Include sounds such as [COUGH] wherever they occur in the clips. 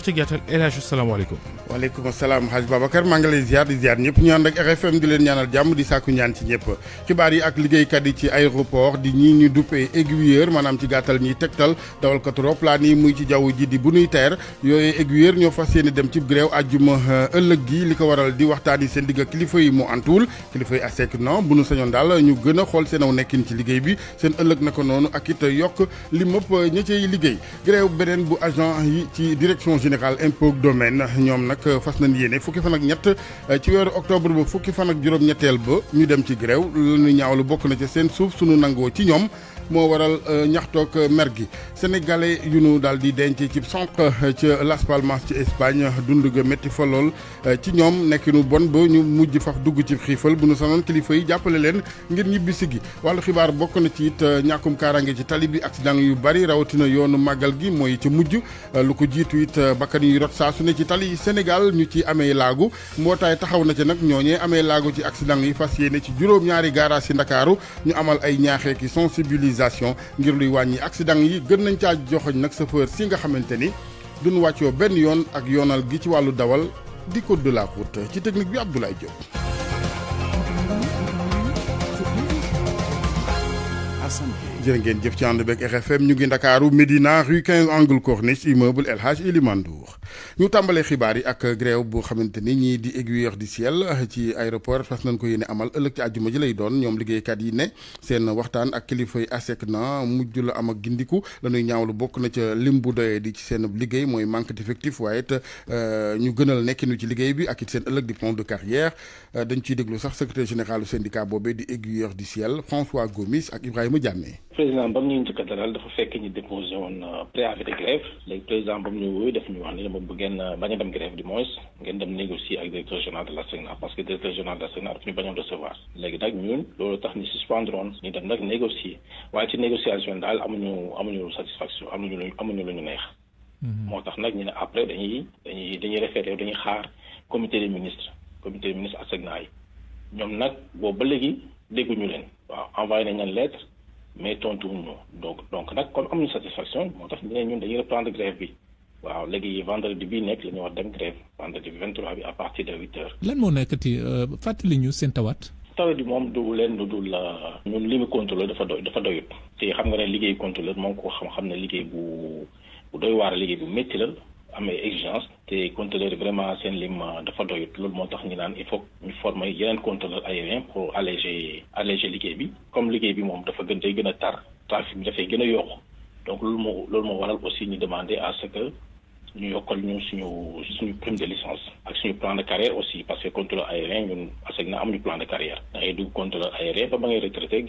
ci gàttal El Hadj salaamaaleykum waaleykum asalaam Hadj Babacar maa ngi lay ziar di ziar ñëpp ñu ànd ak RFM di leen ñaanal jàmm di sàkku ñaan ci ñëpp xibaar yi ak liggéeykat yi ci aéroport di ñii ñu duppee aiguilleur maanaam ci gàttal ñuy tegtal dawalkatu roplaan yi muy ci jaww ji di bu nuy teer yooyu aiguilleur ñoo fas yéene dem ci gréew àjjuma euh, ëllëg gi li ko waral di waxtaan yi seen digg kilifa yi mu antuwul kilifa yi asek non bu nu sañoon daal ñu gën xool seen aw nekkin ci liggéey bi seen ëllëg na ko noonu ak it yokk li mëpp euh, ña cay liggéey gréew bu agent yi ci direction générale impôt domaine ñoom nag fas nañ yéene fukki fan ak ñett euh, ci weeru octobre ba fukki fan ak juróom-ñetteel ba ñu dem ci grève lu ñu ñaawlu bokk na ca seen suuf sunu nangoo ci ñoom moo waral euh, ñaxtoog euh, mer gi sénégalais yu nu daal di denc ci sonq euh, ci Las Palmas ci Espagne dund ga métti fa lool ci ñoom nekk nu bon ba ñu mujj fax dugg ci xiifal bu nu sanoon kilifa yi jàppale leen ngir ñibbisi gi wàllu xibaar bokk na ci it ñàkkum kaaraange ci tali bi accident yu bari rawatina yoonu màggal gi mooy ci mujj lu ko jiitu it bakkan yuy rot saa su ne ci tali Sénégal ñu ci amee laagu mbootaay taxaw na ci nag ñooñee amee laagu ci accident yi fas yéene ci juróom-ñaari garage si Ndakaaru ñu amal ay ñaaxee ki sensibiliser sensibilisation ngir luy wàññi accident yi gën nañ caa joxoñ nag chauffeur si nga xamante ni duñ wàccoo benn yoon ak yoonal gi ci wàllu dawal di code de la ci technique bi Abdoulaye Diop. Assane jërë ngeen jëf ci ànd beeg RFM ñu ngi ndakaaru Médina rue 15 angle corniche immeuble El Hadj Elimane ñu tàmbalee xibaar yi ak grève bu xamante ni ñii di aiguilleurs du ciel ci aéroport fas nañ ko yéene amal ëllëg ci àjjuma ji lay doon ñoom liggéeykat yi ne seen waxtaan ak kilifay ASEC na mujj la am ak gindiku la ñaaw lu bokk na ca lim bu doyee di ci seen liggéey mooy manque d'effectif waaye it euh, ñu gënal nekkinu ci liggéey bi ak it seen ëllëg di plan de carrière euh, dañ ciy déglu sax secrétaire général du syndicat boobee di aiguilleurs du ciel François Gomis ak Ibrahima Diamé président ba mu ñuy njëkk a dalal dafa fekk ñu déposé woon euh, préavis de grève léegi président ba mu ñu wooyu daf ñu wax ni dama bëgg ngeen euh, bañ a dem grève du moins ngeen dem négocier ak directeur général de la SECNA parce que directeur général de la SECNA daf ñu bañoon recevoir léegi nag ñun loolu tax ñu suspendre woon ñu dem nag négocier waaye ci négociation daal amuñu amuñu satisfaction amuñu lu amuñu lu ñu neex mm-hmm. moo tax nag ñu ne après dañuy dañuy dañuy référé dañuy xaar comité des ministres comité des ministres ak SECNA yi nag boobu ba léegi dégguñu leen waaw envoyé nañ leen lettre mais tontu wuñu donc donc nag kon am ñu satisfaction moo tax ñu ne ñun dañu reprendre grève bi waaw léegi vendredi bii nekk la ñu war dem grève vendredi bi 23 bi à partir de 8 heures. lan moo nekkati euh, fàttali ñu seen tawaat. tawet bi moom du leen du dul ñun li mu contrôleur dafa doy dafa doyut te xam nga ne liggéey contrôleur moom ko xam-xam ne liggéey bu bu doy waar liggéey bu métti la amee exigence te contrôleur vraiment seen lim euh, dafa doyut loolu moo tax ñu naan il faut ñu former yeneen contrôleur aérien pour alléger alléger liggéey bi comme liggéey bi moom dafa gën day gën a tar trafic bi dafay gën a yokk donc loolu moo loolu moo waral aussi ñu demander à ce que ñu yokkal ñu suñu suñu prime de licence ak suñu plan de carrière aussi parce que contrôleur aérien ñun aseg na am ñu plan de carrière da ngay dugg contrôleur aérien ba ba ngay retraité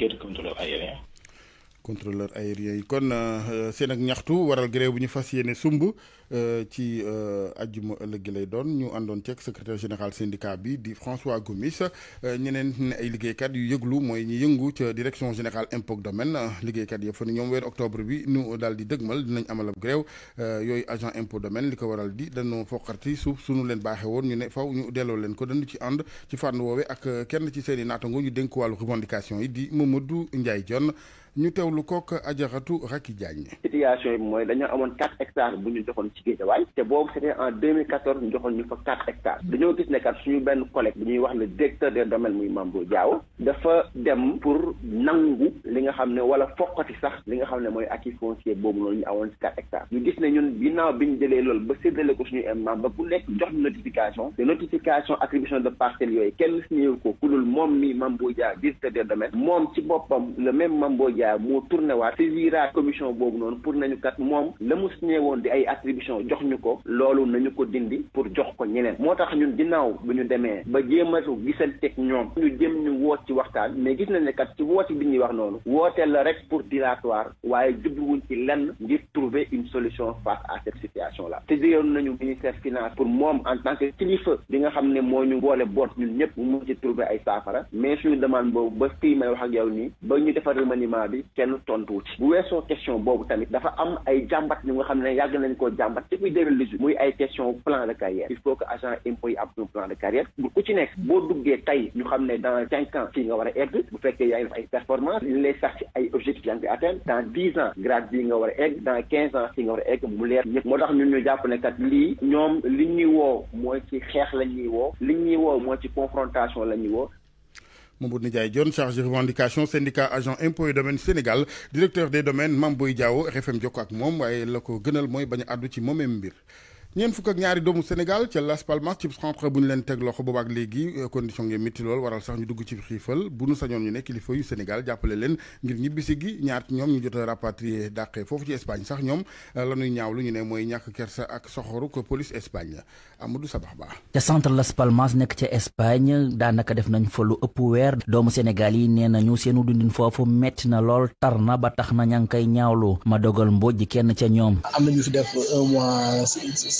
contrôleur aérien yi kon euh, seen ak ñaxtu waral grève bu ñu fas yéene sumb euh, ci euh, ajjuma ëllëg gi lay doon ñu àndoon ceek secrétaire général syndicat bi di François Gomis ñeneen ne ay liggéeykat yu yëglu mooy ñi yëngu ca direction générale impôt domaine liggéeykat yëpp fa ni ñoom weer octobre bi nu daal di dëgmal dinañ amal ab grève yooyu agent impôt domaine li ko waral di dañoo foqarti suuf sunu leen baaxee woon ñu ne faw ñu delloo leen ko dañu ci ànd ci fànn woowe ak kenn ci seen i naatango ñu dénk wàllu revendication yi di Mamadou Ndiaye Dione ñu teewlu kook ajaratu Racky Diagne. situation yi mooy dañoo amoon quatre hectares bu ñu joxoon ci Guédiawaye te boobu c'était en 2014 ñu joxoon ñu fa quatre hectares dañoo gis ne kat suñu benn collègue bu ñuy wax le directeur des domaines muy Mambo Diaw dafa dem pour nangu li nga xam ne wala foqati sax li nga xam ne mooy ak acquis foncier boobu noonu ñu amoon ci quatre hectares ñu gis ne ñun ginnaaw bi ñu jëlee lool ba séddale ko suñu imam ba bu nekk jox ñu notification te yooyu kenn ko ku moom mi Mambo Diaw directeur des domaines moom ci boppam le même Mambo Ndiaye moo tourné waat saisiraat commission boobu noonu pour nañu kat moom la mu signé woon di ay attribution jox ñu ko loolu nañu ko dindi pour jox ko ñeneen moo tax ñun ginnaaw bu ñu demee ba jéem a gisanteeg ñoom ñu jëm ñu woo ci waxtaan mais gis nañ ne kat ci woote bi ñuy wax noonu wooteel la rek pour dilatoire waaye jubluwuñ ci lenn ngir trouver une solution face à cette situation là saisiroon nañu ministère finance pour moom en tant que kilifa bi nga xam ne moo ñu boole boot ñun ñëpp mu mun ay saafara mais suñu demande boobu ba fii may wax ak yow nii bi kenn tontuwu ci bu weesoo question boobu tamit dafa am ay jàmbat ñu nga xam ne yàgg nañ ko jàmbat depuis deux mille dix-huit muy ay question plan de carrière il faut que agent impôt yi am plan de carrière ku ci nekk boo duggee tey ñu xam ne dans cinq ans fii nga war a egg bu fekkee yaa ngi def ay performance li ñu sax ci ay objectifs yaa ngi koy atteindre dans dix ans grade bii nga war a egg dans quinze ans fii nga war egg mu leer ñëpp moo tax ñun ñu jàpp ne ñoom li ñuy woo mooy ci xeex la ñuy woo li ñuy woo mooy ci confrontation la ñuy woo Mamadou Ndiaye Dione chargé revendication syndicat agent impôt et domaine Sénégal directeur des domaines Mame Boye Diao RFM jokko ak moom waaye la ko gënal mooy bañ a àddu ci moomeem mbir ñeen fukk ak ñaari doomu Sénégal ca Las Palmas ci centre bu ñu leen teg loxo boobaak léegi euh, condition nge métti lool waral sax ñu dugg ci xiifal bu nu sañoon ñu ne kilifa yu jàppale leen ngir ñibbisi gi ñaar ci ñoom ñu jot a rapatrié dàqee foofu ci sax ñoom euh, lañuy ñaaw lu ñu ne mooy ñàkk kersa ak soxoru ko police Espagne Amadou Sabax Ba ca centre Las Palmas nekk ca Espagne daanaka def nañ fa lu ëpp weer doomu Sénégal yi nee nañu seenu dundin foofu metti na lool tar na ba tax na ña ngi koy ñaawlu ma dogal mboj kenn ca ñoom am nañu fi def un mois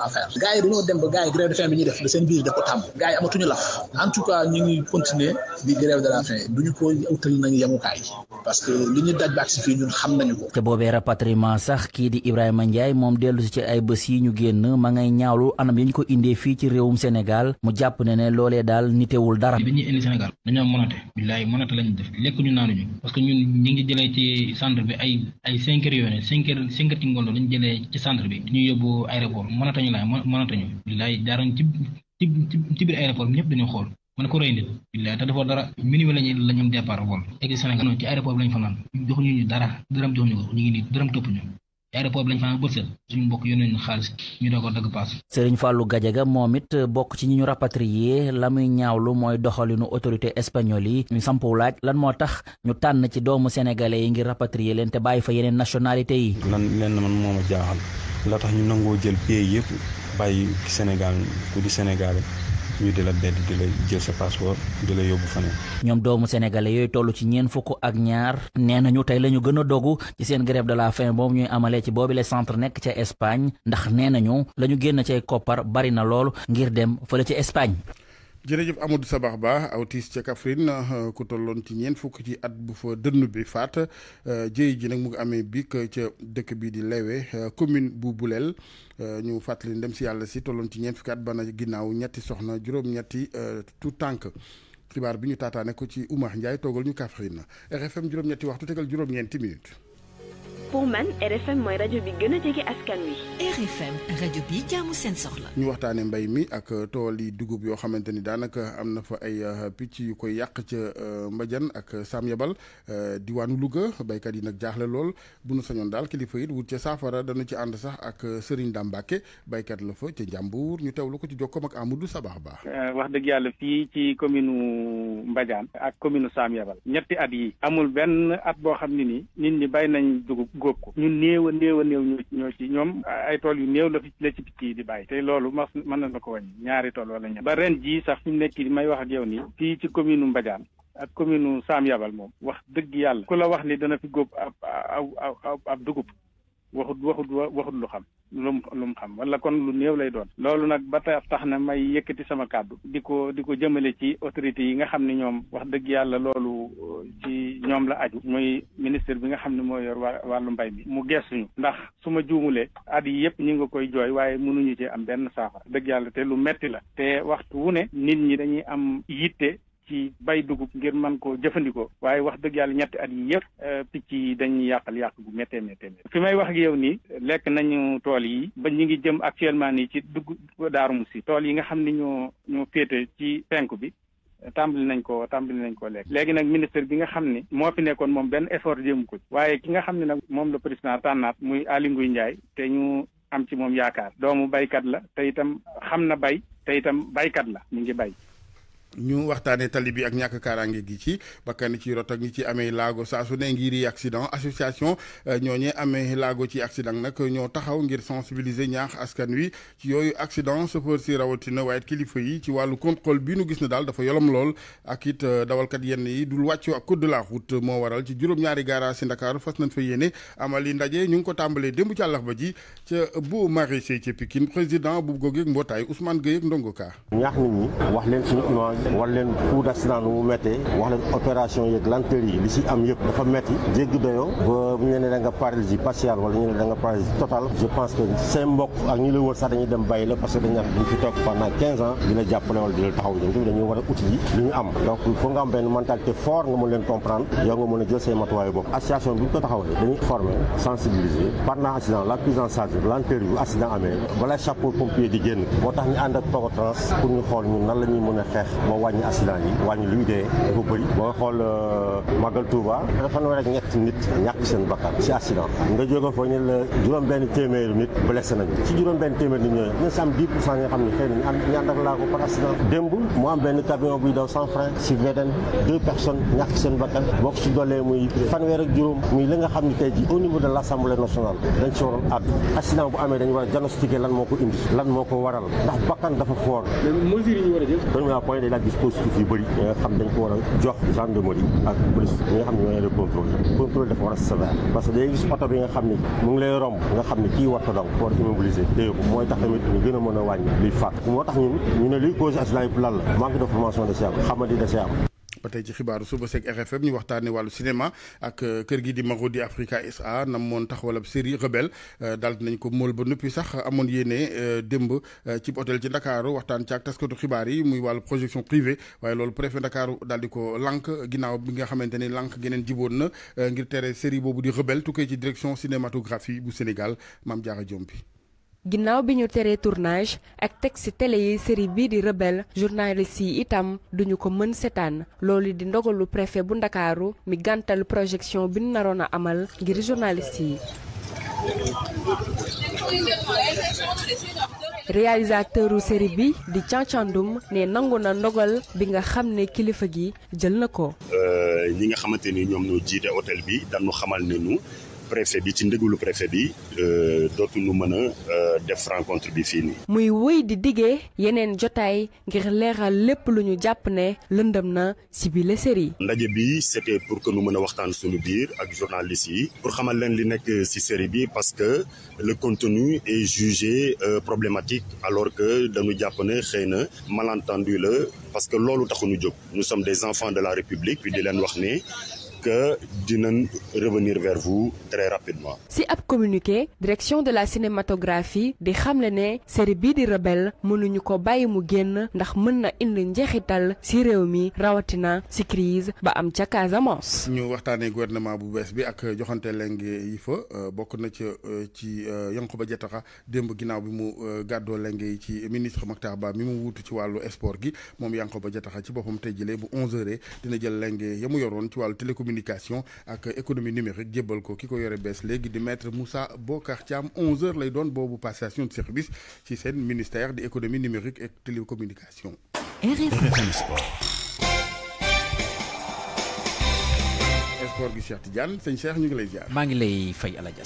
à faire gars yi dañoo dem de faim bi ñuy def da seen biir ko tàmm gars amatuñu laf en tout cas ñu ngi continuer di grève de la faim duñu ko utal nañu yemukaay parce que li ñu daj ba ak si fii xam nañu ko te boobee rapatriement sax kii di Ibrahima Ndiaye moom dellu si ci ay bés yi ñu génn ma ngay ñaawlu anam yi ñu ko indee fii ci réewum senegal mu jàpp ne ne loolee daal nitewul dara bi ñu indi Sénégal dañoo monote billaay monote lañu def lekk ñu naanuñu parce que ñu ngi jëlee ci centre bi ay ay cinq heures yoo ne cinq heures cinq heures ci ngoon bi ñu yóbbu mënatuñu laaj mënatuñu billaay jaaroon ci ci ci biir aéroport bi ñëpp dañoo xool man ko rëy nit billaay te defoo dara minimum lañu lañ am départ woon egg Sénégal noonu bi lañ fanaan joxuñu ñu dara dërëm joxuñu ko ñu ngi nii dërëm topp ñu aéroport bi fanaan bët set suñu mbokk yónnee ñu xaalis ñu doo ko dagg paas Serigne Fallou Gadiaga moom it bokk ci ñi ñu rapatrié la muy ñaawlu mooy doxalinu autorité espagnole yi ñu sampu lan moo tax ñu tànn ci doomu sénégalais yi ngir rapatrié leen te bàyyi fa yeneen nationalité yi lan leen man la tax ñu nangoo jël pays yëpp bàyyi Sénégal ku di Sénégalais ñu di la bedd di la jël sa passeport di la yóbbu faneen ñoom doomu sénégalais yooyu toll ci ñeent fukk ak ñaar nee nañu tey la ñu gën a dogu ci seen grève de la fin boobu ñuy amalee ci boobu le centre nekk ca Espagne ndax nee nañu la ñu génn cay koppar bari na lool ngir dem fële ci Espagne jërëjëf Amadou Sabax Ba tiis ca kafrin na euh, ku tolloon ci ñeent fukki ci at bu fa dënn bi faat euh, jéey ji nag mu ngi amee bik ca dëkk bi di Lewe euh, commune bu Boulel ñu fàttali ndem si yàlla si tolloon ci ñeent fukki at bana ginnaaw ñetti soxna juróom-ñetti tout tànk xibaar bi ñu taataane ko ci Oumar Ndiaye toogal ñu Kaffrine RFM juróom-ñetti waxtu tegal juróom-ñeenti minutes. pour man RFM mooy rajo bi gën a jege askan wi. RFM rajo bi jaamu seen soxla. ñu waxtaane mbay mi ak tool yi dugub yoo xamante ni daanaka am na fa ay uh, picc yu koy yàq ca uh, Mbadiane ak Sam Yabal uh, diwaanu Louga béykat yi nag jaaxle lool bu sañoon daal kilifa it wut ca saafara dana ci ànd sax ak Serigne Dambake béykat la fa ca Njàmbur ñu teewlu ko ci jokkoom ak Amadou Sabax Ba. wax dëgg yàlla fii ci commune Mbadiane ak commune Sam Yabal ñetti at yi amul benn at boo xam ne ni nit ñi bay nañ dugub. góob ko ñu néew a néew a ñu ñoo ci ñoom ay tool yu néew la fi la ci picc yi di bàyyi te loolu mas mën na na ko wàññi ñaari tool wala ñett ba ren jii sax fi nekk di may wax ak yow nii fii ci commune Mbadiane ak commune Sam Yabal moom wax dëgg yàlla ku la wax ni dana fi góob ab ab ab dugub waxut waxut waxut lu xam lu mu lu mu xam wala kon lu néew lay doon loolu nag ba tax na may yëkkati sama kàddu di ko di ko jëmale ci autorités yi nga xam ne ñoom wax dëgg yàlla loolu uh, ci ñoom la aju muy ministre bi nga xam ne moo yor wa wàllu mbay mi mu gestuñu ndax su ma juumulee at yi yëpp ñu ngi koy jooy waaye mënuñu ci am benn saafara dëgg yàlla te lu metti la te waxtu wu ne nit ñi dañuy am yitte ci bay dugub ngir mën koo jëfandikoo waaye wax dëgg yàlla ñetti at yi yëpp euh, picc yi dañuy yàqal yàq bu méttee méttee fi may wax ak yow nii lekk nañu tool yi ba ñu ngi jëm actuellement nii ci dugg Daaru si tool yi nga xam ne ñoo ñoo féete ci penk bi tàmbali nañ ko tàmbali nañ ko lekk léegi nag ministre bi nga xam ne moo fi nekkoon moom benn effort jëm ko waaye ki nga xam ni nag moom la président tànnaat muy Aly Ngouille Ndiaye te ñu am ci moom yaakaar doomu baykat la te itam xam na bay te itam baykat la mu ngi bay ñu waxtaanee tali bi ak ñàkk kaaraange gi ci bakkan ci rot ak ñi ci amee laago saa su ne ngir yi accident association euh, ñooñu amee laago ci accident nag ñoo taxaw ngir sensibiliser ñaax askan wi ci yooyu accident chauffeur si rawatina waaye kilifa yi ci wàllu contrôle bi nu gis ne daal dafa yolom lool ak it euh, dawalkat yenn yi dul wàcc ak code de moo waral ci juróom-ñaari gaara si Ndakaaru fas nañ fa yéene amali ndaje ñu ngi ko tàmbalee démb ci àllax ba ji ca bu maraîcher ca Pikine président bu gogeeg mbootaay Ousmane Gueye ak Ndongo Ka. ñaax war leen coup d'accident nu mu méttee wax leen opération yeeg lenteur yi li si am yëpp dafa metti jéggi doyoo ba bu ñu ne da nga paralysie partielle wala ñu ne da nga paralysie totale je pense que seen mbokk ak ñi la wër sax dañuy dem bàyyi la parce que dañu dañ fi toog pendant di la jàppale wala di la taxaw ñoom tamit dañuy war a outil yi lu ñu am donc il nga am benn mentalité fort nga mën leen comprendre yow nga mën a jël say matuwaayu bopp association bi ñu ko taxawee la ñu ànd a xeex moo wàññi accident yi wàññi luy dee dafa bëri booy xool euh, màggal Touba fanweer ak ñett nit ñàkk seen bakkan si accident nga jóge foo ñu la juróom benn téeméeri nit blessé nañu si juróom benn téeméer nit ñooyu ñun si am 10 pour cent nga xam ne xëy na ñu ànd ak laa ko par accident démb mu am benn camion buy daw cent franc si VDN deux personnes ñàkk seen bakkan boo ko si doolee muy fanweer ak juróom muy li nga xam ne tey ji au niveau de l' assemblée nationale dañ lan moo ko indi lan moo ko waral ndax bakkan dafa ak dispositif yu bëri nga xam dañ ko war a jox gendarmerie nga xam ne ñoo yore contrôle contrôle war a sévère parce que day gis oto bi nga xam ne mu ngi lay romb nga xam ne kii war ta daw war immobiliser téye ko mooy tax tamit ñu gën a mën a wàññi liy faat moo tax ñun ñu ne liy cause accident yi la manque de formation da see xamadi da see am ba tey ci xibaaru suba seeg RFM ñu waxtaanee wàllu cinéma ak euh, kër gi di Marodi Africa SA nam moon taxawalab série Rebelle euh, daal nañ ko mool ba noppi sax amoon yéene euh, démb ci hôtel ci Ndakaaru waxtaan ca ak taskatu xibaar yi muy wàllu projection privée waaye loolu préfet Ndakaaru daal di ko lànk ginnaaw bi nga xamante ni lànk geneen jiboon na ngir tere série boobu di Rebelle tukkee ci direction cinématographie bu Sénégal Mame Diarra Diombi ginnaaw bi ñu teree tournage ak teg ci télé yi série bii di Rebelle journaliste yi itam duñu ko mën seetaan loolu di ndogalu préfet bu ndakaaru mi gàntal projection bi ñu naroon a amal ngir journaliste yi réalisateuru série bi di cancandoum ne nangu na ndogal bi nga xam ne kilifa gi jël na ko euh, ñi nga xamante ñoom ñoo jiite hôtel bi dañu xamal ne ñu préfet bi ci ndigalu préfet bi euh, dootuñu mën a euh, def rencontre bi fii nii. muy wéy di diggee yeneen jotaay ngir leeral lépp lu ñu jàpp ne lëndëm na si bi la série. ndaje bi c'était pour que nu mën a waxtaan suñu biir ak journalistes yi. pour xamal leen li nekk si série bi parce que le contenu est jugé euh, problématique alors que dañu jàpp ne xëy na malentendu la parce que loolu taxuñu jóg nous sommes des enfants de la République puis di leen wax ne. que dinañ revenir vers vous très rapidement. si ab communiqué direction de la cinématographie di xamle ne série bii di Rebelle mënuñu ko bàyyi mu génn ndax mën na indi njeexital si réew mi rawatina si crise ba am ca Casamance. ñu waxtaanee gouvernement bu bees bi ak joxante leng yi fa euh, bokk na euh, ci ci euh, Yankhoba Diattara démb ginnaaw bi mu gàddoo leng yi ci ministre Makhtar Ba mi mu wut ci wàllu sport gi moom Yankhoba Diattara ci boppam tey jëlee bu 11 dina jël leng ya mu yoroon ci wàllu télécommunication. communication ak économie numérique jébbal ko ki ko yore bees léegi di maître Moussa Bokar Thiam 11h lay doon boobu passation de service ci seen ministère de économie numérique et télécommunication. RFM Sport. koor gi Cheikh Tidiane maa ngi lay fay Alaaji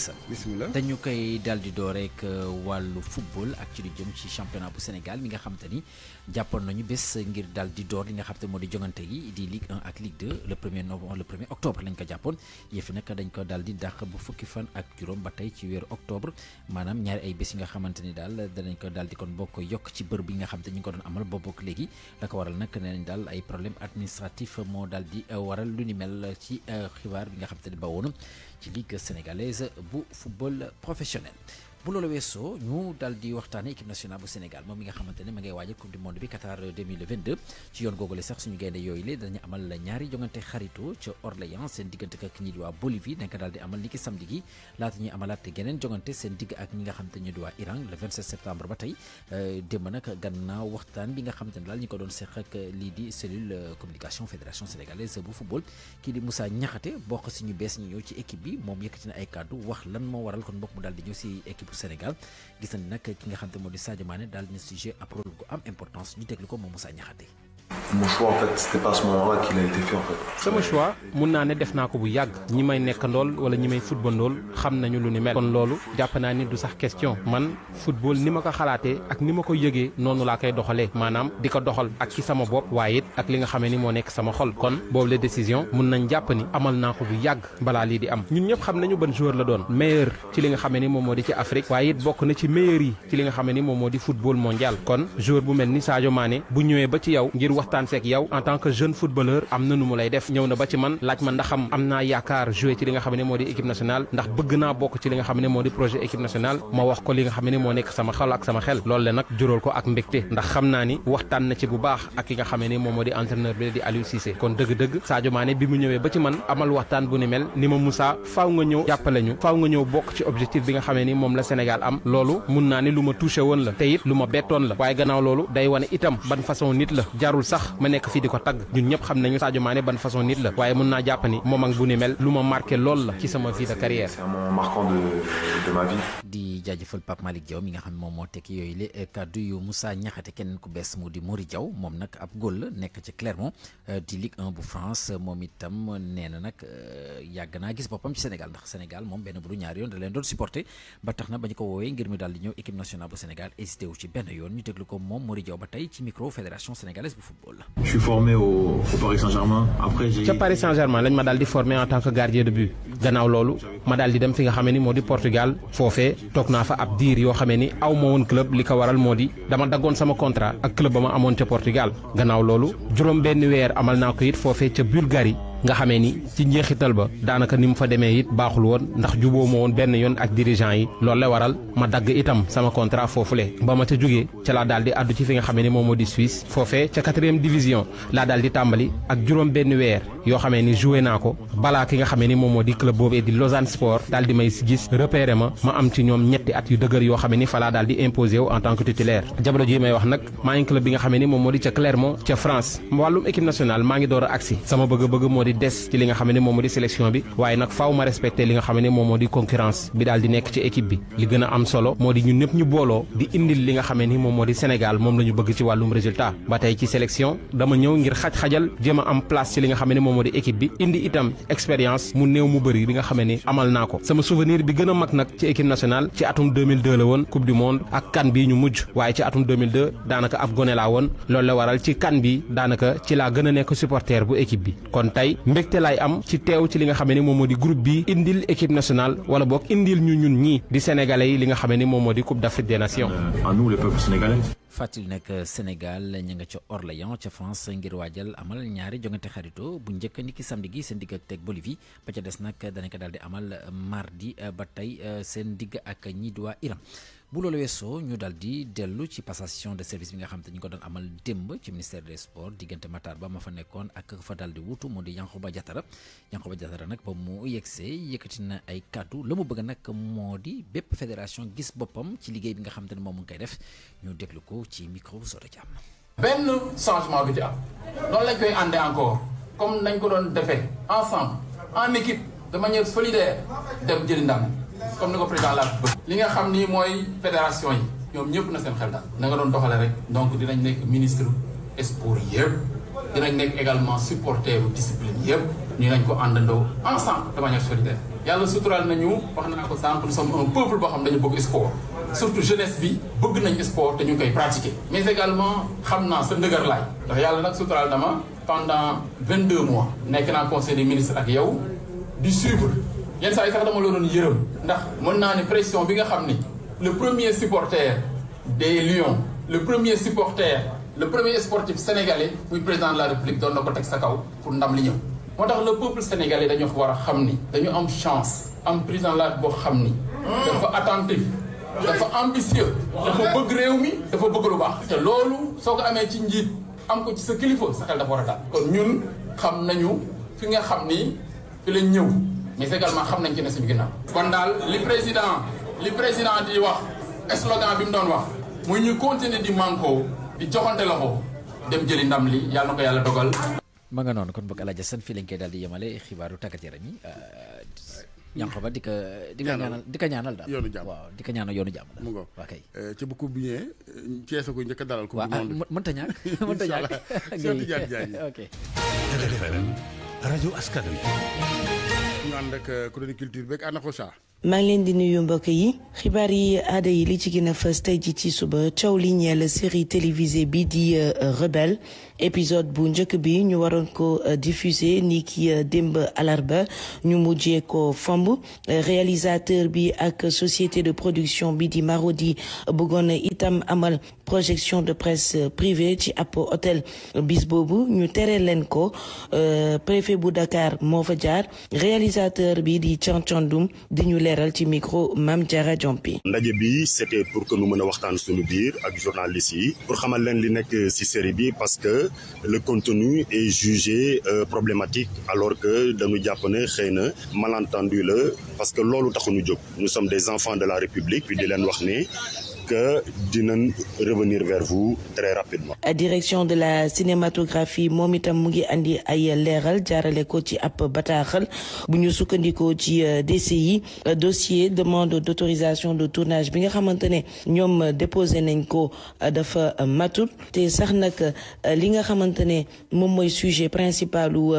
dañu koy daal di door rek euh, wàllu football ak ci lu jëm ci championnat bu Sénégal mi nga xam te ni jàppoon nañu bés ngir daal di door li nga xam te moo di jongante yi di Ligue 1 ak Ligue 2 le premier novembre le premier octobre lañ ko jàppoon yëfi nag dañ ko daal di dàq bu fukki fan ak juróom ba tey ci weeru octobre maanaam ñaari ay bés yi nga xamante ni daal danañ ko daal di kon bokk yokk ci bër bi nga xam te ñu ngi ko doon xibaar bi nga xam te ne bawoon ci ligue sénégalaise bu football professionnel bu loolu weesoo ñu dal di waxtaane équipe bu Sénégal moom mi nga xamante ne ma ngay waajal coupe du monde bi Qatar 2022 ci yoon googule sax suñu gaynde yooyu le danañu amal ñaari jongante xarito ca Orléans seen diggante ak ñi di waa Bolivie dañ ko amal ni ki samedi gi laata ñuy amalaat geneen jongante seen digg ak ñi nga xamante ne ñi di Iran le septembre ba tey euh, démb nag gannaaw waxtaan bi nga xam xamante ne daal ñi ko doon seq ak euh, lii di cellule euh, communication fédération sénégalaise bu football kii di ñu bees ñu ñëw ci équipe bi moom lan moo waral kon mbokk mu daal di ñëw si équipe Sénégal gis nañ nag ki nga xam te moo di Sadio Mané daal dina si ab rôle gu am importance ñu teg déglu ko moom Moussa Niakhaté mon choix en fait c'était mun naa ne def naa ko bu yàgg ñi may nekk ndool wala ñi may football ndool xam nañu lu ni mel. kon loolu jàpp naa ni du sax question man football ni ma ko xalaatee ak ni ma ko yëgee noonu laa koy doxalee maanaam di ko doxal ak ci sama bopp waaye it ak li nga xamee ni moo nekk sama xol kon boobu la décision mun nañ jàpp ni amal naa ko bu yàgg balaa lii di am ñun ñëpp xam nañu ban joueur la doon meilleur ci li nga xamee ni moom moo di ci Afrique waaye bokk na ci meilleur li nga xamee ni moom moo di football mondial kon joueur bu mel ni Sadio Mané bu ñëwee ba ci yow waxtaan seeg yow en tant que jeune footballeur am na nu mu lay def ñëw na ba ci man laaj ma ndaxam am naa yaakaar joué ci li nga xam ne moo di équipe nationale ndax bëgg naa bokk ci li nga xam ne moo di projet équipe nationale ma wax ko li nga xam ne moo nekk sama xel ak sama xel loolu nag jural ko ak mbégte ndax xam naa ni waxtaan na ci bu baax ak ki nga xam ne moom moo di entraîneur bi di Aliou Cissé kon dëgg-dëgg Sadio bi mu ñëwee ba la Sénégal am loolu mun naa ni sax ma nekk fii di ko tagg ñun ñëpp xam nañu Sadio Mané ban façon nit la waaye mën naa jàpp ni moom ak bu ni mel lu ma marqué lool la ci sama vie de di jaajëfal Pape Malick Diaw mi nga xam ne moom moo tekki yooyu la kàddu yu Moussa Niakhate keneen ku bees mu di Mori Diaw moom nag ab góol la nekk ci Clermont euh, di Ligue bu France moom itam nee na nag euh, yàgg naa gis boppam ci Sénégal ndax Sénégal moom benn bu du ñaari yoon da leen doon supporté ba tax na ba ñu ko woowee ngir mu daal di ñëw équipe nationale bu Sénégal hésité ci benn yoon ñu tey ci micro fédération sénégalaise bu football. je suis formé au, au Paris ca Paris Saint-Germain lañ ma daal di formé en tant que gardien de but gannaaw loolu ma daal di dem fi nga xamee ni moo di Portugal foofee toog naa fa ab diir yoo xamee ni aw ma woon club li ko waral moo di dama daggoon sama contrat ak club ba ma amoon ca Portugal gannaaw loolu juróom benn weer amal naa ko it foofee ca Bulgarie. nga xamee ni ci njeexital ba daanaka ni mu fa demee it baaxul woon ndax juboo ma woon benn yoon ak dirigeant yi loolu la waral ma dagg itam sama contrat foofule ba ma ca jógee ca laa daal di ci fi nga xamee ni moom di Suisse foofee ca quatrième division laa daal tàmbali ak juróom benn weer yoo xamee ni joué ko balaa ki nga xamee ni moom di club boobu di Lausanne Sport daal may gis repéré ma ma am ci ñoom ñetti at yu dëgër yoo xamee ni fa laa daal di imposé moo di ca Clermont ca France wàllum équipe nationale maa di des ci li nga xam ne moom moo di sélection bi waaye nag faaw ma respecté li nga xam ne moom moo di concurrence bi daal di nekk ci équipe bi li gën a am solo moo di ñun ñëpp ñu booloo di indil li nga xam ne moom moo di Sénégal moom la ñu bëgg ci wàllum résultat ba tey ci sélection dama ñëw ngir xaj-xajal jéem a am place ci li nga xam ne moom moo di équipe bi indi itam expérience mu néew mu bëri bi nga xam ni amal naa ko sama souvenir bi gën a mag nag ci équipe nationale ci atum 2002 la woon coupe du monde ak kan bii ñu mujj waaye ci atum 2002 daanaka ab gone laa woon loolu la waral ci kan bi daanaka ci laa gën a nekk supporter bu équipe bi mbégte laay am ci teew ci li nga xamee ni moom moo di groupe bi indil équipe nationale wala book indil ñu ñun ñii di sénégalais yi li nga xamee ni moom moo di coupe d'Afrique des nations. en euh, nous le peuple sénégalais. nag euh, Sénégal ña nga ca Orléans ca France ngir waajal amal ñaari jongante xarito bu njëkk ni ki samedi gi seen digg ak teg Bolivie ba ca des nag danañ ko daal di amal mardi euh, ba tey seen digg ak ñi di waa Iran. bu loolu weesoo ñu daal di dellu ci passation de service bi nga xam te ñu ko doon amal démb ci ministère des sports diggante Matar Ba ma fa nekkoon ak fa daal di wutu moo di Yankhoba Diattara Yankhoba Diattara nag ba mu yegsee yëkkati na ay kàddu la mu bëgg nag moo di bépp fédération gis boppam ci liggéey bi nga xam te ne moom mu ngi koy def ñu déglu ko ci micro Soda Thiam. benn changement du ci am noonu lañ koy àndee encore comme nañ ko doon defee ensemble en équipe de manière solidaire comme ni ko président li nga xam ni mooy fédération yi ñoom ñëpp na seen xel daal na nga doon doxale rek donc dinañ nekk ministre sport yëpp dinañ nekk également supporter bu discipline yëpp ñu nañ ko àndandoo ensemble de manière solidaire yàlla suturaal nañu wax naa ko sànq nous sommes peuple boo xam ne dañu bëgg sport surtout jeunesse bi bëgg nañ sport te koy pratiquer mais également xam naa sa ndëgër laay ndax yàlla nag suturaal dama pendant vingt deux mois nekk naa conseil des ministres ak yow yenn saa yi sax dama la doon yërëm ndax mën naa ne pression bi nga xam ni le premier supporter des Lions le premier supporter le premier sportif sénégalais muy président de la République doon na ko teg sa kaw pour ndam li ñëw. moo tax le peuple sénégalais dañoo war a xam ni dañu am chance am président la boo xam ni dafa attentif dafa ambitieux dafa bëgg réew mi dafa bëgg lu baax te loolu soo ko amee ci njiit am ko ci sa kilifa sa xel dafa war a daal kon ñun xam nañu fi nga xam ni fi lañ ñëw mais également xam nañ ci ne suñu a kon daal li président li président di wax slogan bi mu doon wax muy ñu continuer di manko di joxante loxo dem jëli ndam li yàlla na ko yàlla dogal. ma nga noonu kon boog Alaaji Assane fii lañ koy daal di yemale xibaaru tàggat yaram yi. Yankhoba euh, ba ko di ko ñaanal di ko ñaanal daal yoonu jàmm waaw di ko ñaanal yoonu jàmm daal mu ngoog waa kay euh, ci bu coupe bi ko [LAUGHS] [LAUGHS] [LAUGHS] rajo askan wi. ñu ànd ak euh, chronique culture beeg Anna Kocha maa ngi leen di nuyu mbokk yi xibaar yi aada yi li ci gën a fës tey ji ci suba coow li ñeel série télévisée bi di euh, Rebelle épisode bu njëkk bi ñu waroon ko euh, diffuser ni ki euh, démb alarba ñu mujjee ko fomb réalisateur bi ak société de production bi di maro di bëggoon itam amal projection de presse privée ci apo hôtel bis boobu ñu tere leen ko préfet bu Dakar moo fa jaar réalisateur bi di Thian Thiandoum leen leeral ci micro Mame Diarra Diompi. ndaje bi c'était pour que nu mën a waxtaan suñu biir ak journalistes yi pour xamal leen li nekk ci série bi parce que le contenu est jugé euh, problématique alors que dañu jàpp ne xëy na malentendu la parce que loolu taxuñu jóg nous sommes des enfants de la République puis di leen wax ne que dinañ revenir direction de la cinématographie moom itam mu ngi indi ay leeral jaarale ko ci ab bataaxal bu ñu sukkandikoo ci euh, DCI euh, dossier demande d'autorisation de tournage bi nga xamante ne ñoom déposé nañ ko euh, dafa mattu te sax nag li nga xamante ne moom mooy sujet principal u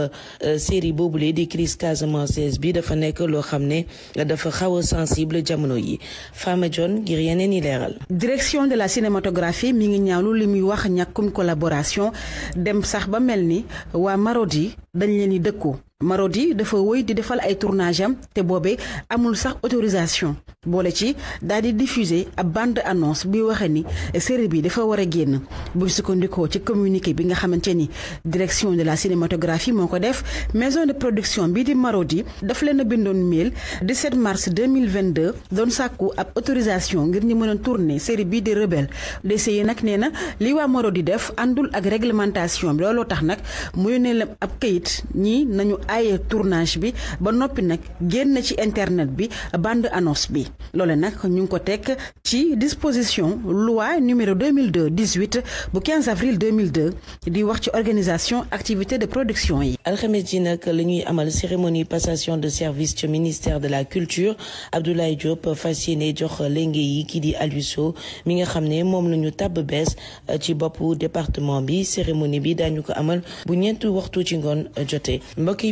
série boobule di crise casamançaise bi dafa nekk loo xam ne dafa xaw a sensible jamono yi Fama John ngir yeneen i leeral. waral. direction de la cinématographie mi ngi ñaawlu li muy wax ñàkkum collaboration dem sax ba mel ni waa yi dañu leen di dëkku. Marodi dafa wëy di defal ay tournage te boobe amul sax autorisation boole ci daal di diffuser ab bande annonce bi waxee ni série bi dafa war a génn buñ sukkandikoo ci communiqué bi nga xamante ni direction de la cinématographie moo ko def maison de production bi di Marodi daf leen a bindoon mail 17 mars 2022 doon sàkku ab autorisation ngir ñu mën a tourner série bi di Rebelle DCI nag nee na li waa Marodi def àndul ak réglementation bi looloo tax nag mu yónnee ab kayit ñi ay tournage bi ba noppi nag génn ci internet bi band annonce bi loole nag ñu ngi ko teg ci disposition loi numéro 2002 18 bu 15 avril 2002 di wax ci organisation activité de production yi. alxames ji nag la ñuy amal cérémonie passation de service ci ministère de la culture Abdoulaye Diop fas yéene jox lenge yi kii di Aliou mi nga xam ne moom la ñu tàbb bees euh, ci boppu département bi cérémonie bi daañu ko amal bu ñeenti waxtu ci ngoon euh, jotee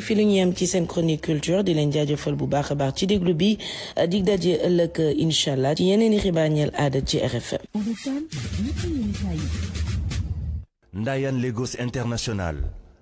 yi fi lu ñu yem ci seen chronique culture di leen jaajëfal bu baax a baax ci déglu bi dig daje ëllë incha allah ci yeneen i xibaar ñeel aada ci RFM. Ndayan Lagos International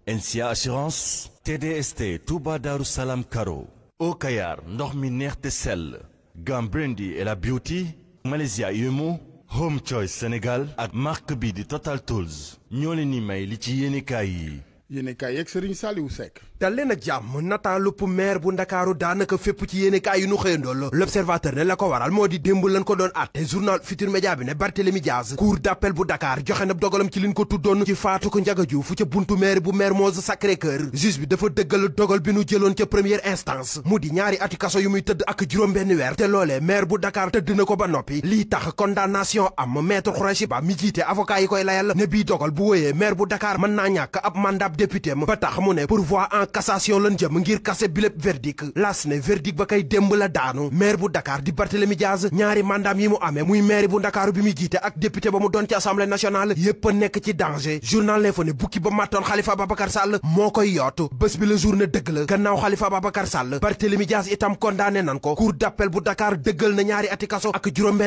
NCA Assurance TDST Touba Darou Salam Karo Okayar ndox mi neex te sell Gambrendi et la Beauty Malaysia Yumu Home Choice Sénégal ak marque bi di Total Tools ñoo leen ni may li ci yéenekaay yi yéenekaay yeeg Serigne Saliou Seck dalee nag jàmm nataalub maire bu ndakaaru daanaka fépp ci yéene kaay yu nu xëyandool l'observateur ne la ko waral moo di démb lan ko doon àtte journal Futur Média bi ne Barthélémy Diaz cour d'appel bu Dakar joxe na dogalam ci liñ ko tuddoon ci faatu ko Ndiaga Diouf ca buntu maire bu Mermoz Sacré-Cœur juge bi dafa dëggal dogal bi nu jëloon ca première instance mu di ñaari ati kaso yu muy tëdd ak juróom-benn weer te loolee maire bu Dakar cassation lan jëm ngir kase bilép verdict las ne verdict ba kay démb la daanu maire bu Dakar di Barthélémy Diaz ñaari mandaam yi mu amee muy maire bu Dakar bi muy jiite ak député ba mu doon ci assemblée nationale yépp a nekk ci danger journal L'Info ne bukki ba màttoon Khalifa Babacar Sall moo koy yootu bés bi la journée dëgg la gannaaw Khalifa Babacar Sall Barthélémy Diaz itam condamné nan ko cour d'appel bu Dakar dëggal na ñaari ati ak juróom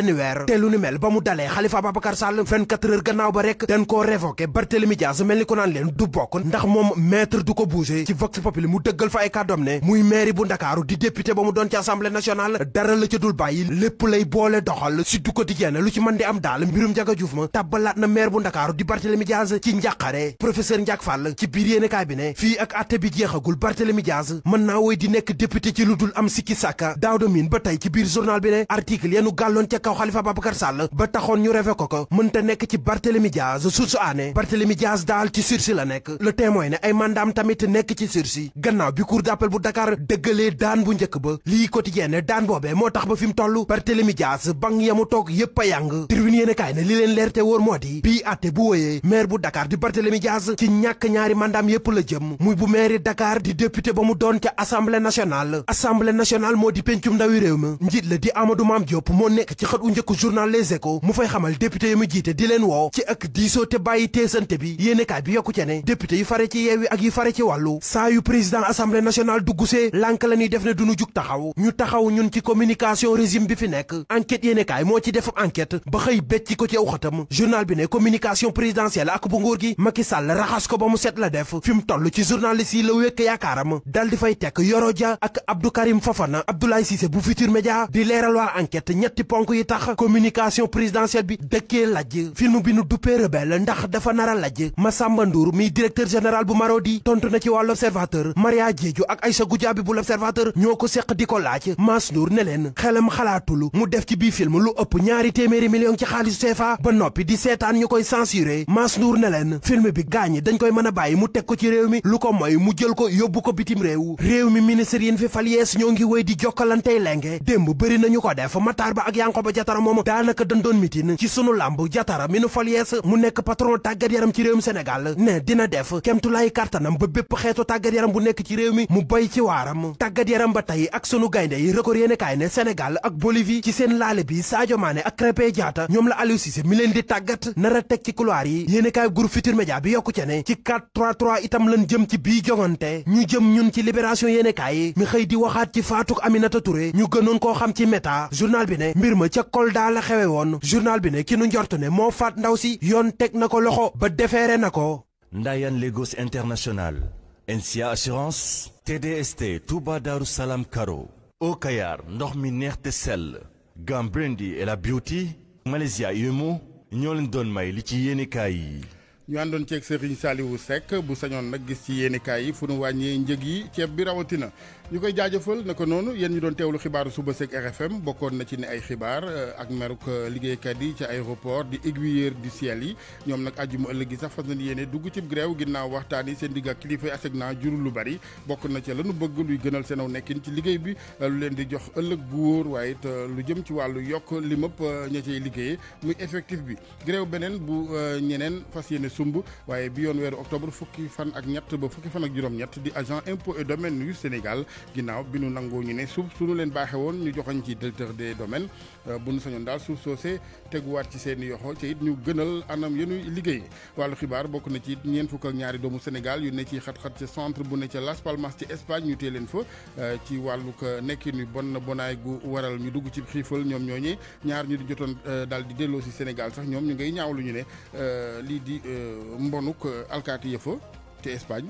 vox populi mu dëggal fa ay kàddoom ne muy maire bu ndakaaru di député ba mu doon ci assemblée nationale dara la ca dul bàyyi lépp lay boole doxal si du quotidien lu ci mën di am daal mbirum Ndiaga Diouf ma tabbalaat na maire bu ndakaaru di Barthélémy Diaz ci njàqare professeur Ndiak Fall ci biir yéene bi ne fii ak atte bi jeexagul Barthélémy Diaz mën naa woy di nekk député ci lu dul am sikki sàkka Daouda Mine ba tey ci biir journal bi ne article la nekk le témoin ne ay mandaam tamit sursis gannaaw bi cour d'appel bu Dakar dëggalee daan bu njëkk ba lii quotidien daan boobee moo tax ba fi mu toll Barthélémy Dias bang yamu toog yépp a yàng tribune yéen kaay li leen leer te wóor moo di bii àtte bu wóyee maire bu Dakar di Barthélémy Dias ci ñàkk ñaari mandaam yépp la jëm muy bu maire Dakar di député ba mu doon ca assemblée nationale assemblée nationale moo di pencum ndawi réew mi njiit la di Amadou Mame Diop moo nekk ci xët u njëkk journal yu président assemblée nationale dugg see lànk la ñuy def ne duñu jug taxaw ñu taxaw ñun ci communication régime bi fi nekk enquête yéene kaay moo ci def enquête ba xëy becc ko ci aw journal bi ne communication présidentielle ak bu nguur gi Macky raxas ko ba mu set la def fi mu ci journaliste yi la wékk yaakaaram dal di fay tekk Yoro ak Abdou Karim Fofana Abdoulaye Cissé bu Futur Média di leeral waa enquête ñetti ponk yi tax communication a l'observateur Maria Diédhiou ak Aïcha Goudiaby bu l'observateur ñoo ko seq di ko laaj Masnour ne leen xelam xalaatul mu def ci bii film lu ëpp ñaari téeméeri million ci xaalisu CFA ba noppi di seetaan ñu koy censuré Masnour ne film bi gaañ dañ koy mën a bàyyi mu teg ko ci réew mi lu ko mooy mu jël ko yóbbu ko bitim réew réew mi ministre yi fi fal yees ñoo ngi wéy di jokkalantey lenge démb bëri nañu ko def Matar Ba ak Yankoba Jatara moom daanaka dañ doon tàggat yaram bu nekk ci réew mi mu bay ci waaram tàggat yaram ba tey ak sunu gaynde yi record yéene kaay ne Sénégal ak Bolivie ci seen laale bi Sadio Mané ak Krépin Diatta ñoom la Aliou Cissé mi leen di tàggat nara a teg ci couloir yi yéene kaay groupe Futurs bi yokk ca ne ci 4 itam lan jëm ci bii jongante ñu jëm ñun ci libération yéene kaay mi xëy di waxaat ci faatuk Aminata Touré ñu gënoon koo xam ci méta journal bi ne mbir ma ca Kolda la xewe woon journal bi ne ki nu ne moo faat ndaw si yoon teg na ko loxo ba defeere na ko Ndayan Lagos International NCA assurance TDST Touba Darou Salam Karo Okayar ndox mi neex te sel Gam Brandy et la Beauty Malaysia Yumo ñoo leen doon may li ci yéenekaay yi ñu àndoon ceeg Serigne Saliou Seck bu sañoon nag gis ci yéenekaay yi fu nu wàññee njëg yi ceeb bi rawatina ñu koy jaajëfal naka noonu yéen ñu doon teewlu xibaaru suba seeg RFM bokkoon na ci ne ay xibaar ak meruk euh, liggéeykat yi ci aéroport di aiguilleurs du seel yi ñoom nag àjjuma ëllëg gi sax fas nañ yéene dugg cib grève ginnaaw waxtaan yi seen digg ak kilifa yi ASECNA jurul lu bari bokk na ca lanu bëgg luy gënal seenaw nekkin ci liggéey bi euh, lu leen di jox ëllëg gu waaye euh, lu jëm ci wàllu yokk limëpp ña cay liggéeye muy effectif bi grève beneen bu ñeneen fas yéene sumb waaye bi yoon weeru octobre fukki fan ak ñett ba fukki fan ak juróom-ñett di agent impôt et domaine yu Sénégal ginnaaw bi ñu nangoo ñu ne suuf su leen baaxee woon ñu joxoñ ci directeur de domaines Euh, bu nu sañoon daal suuf soosee teguwaat ci seen i yoxo te it ñu gënal anam yenuy liggéey wàllu xibaar bokk na ci it ñeent fukk ñaari doomu Sénégal yu ne ci xat-xat ca centre bu ne ca Las Palmas ci Espagne ñu tee leen fa euh, ci wàllug euh, nekkin ni bon na bonaay gu waral ñu dugg ci xiifal ñoom ñooñee ñaar ñu di jotoon dal di delloo si Sénégal sax ñoom ñu ngay ñaawlu ñu ne lii di mbonuk alkaati yëfa te Espagne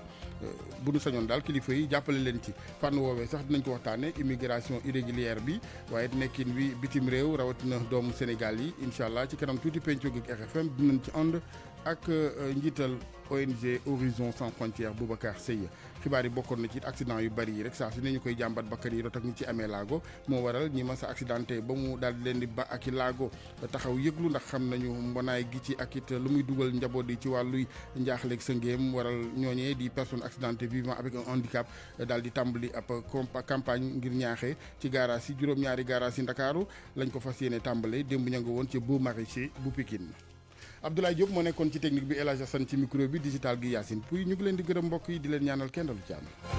bu nu sañoon daal kilifa yi jàppale leen ci fànn woowee sax dinañ ko waxtaane immigration irrégulière bi waaye nekkin wi bitim réew rawatina doomu Sénégal yi incha allah ci kanam tuuti penco gi RFM dinañ ci ànd ak euh, njiital ONG Horizon Sans Frontières Boubacar Seye xibaar yi bokkoon na ci accident yu bari yi rek saa su ne ñu koy jàmbat bakkan yi ak ñi ci amee laago moo waral ñi ma a accidenté ba mu daal di leen di ba ak i laago taxaw yëglu ndax xam nañu mbonaay gi ci ak it lu muy dugal njaboot yi ci wàlluy njaaxleeg sëngéem waral ñooñee di personne accidentée vivant avec un handicap daal di tàmbali ab campagne ngir ñaaxee ci garage yi juróom-ñaari garage yi Ndakaaru lañ ko fas yéene tàmbale démb ña nga woon ci Beaux Maraîchers bu Pikine Abdoulaye Diop moo nekkoon ci technique bi El Hadj ci micro bi digital gi Yacine Pouy ñu leen di gërëm mbokk yi di leen ñaanal kenn dalu ci am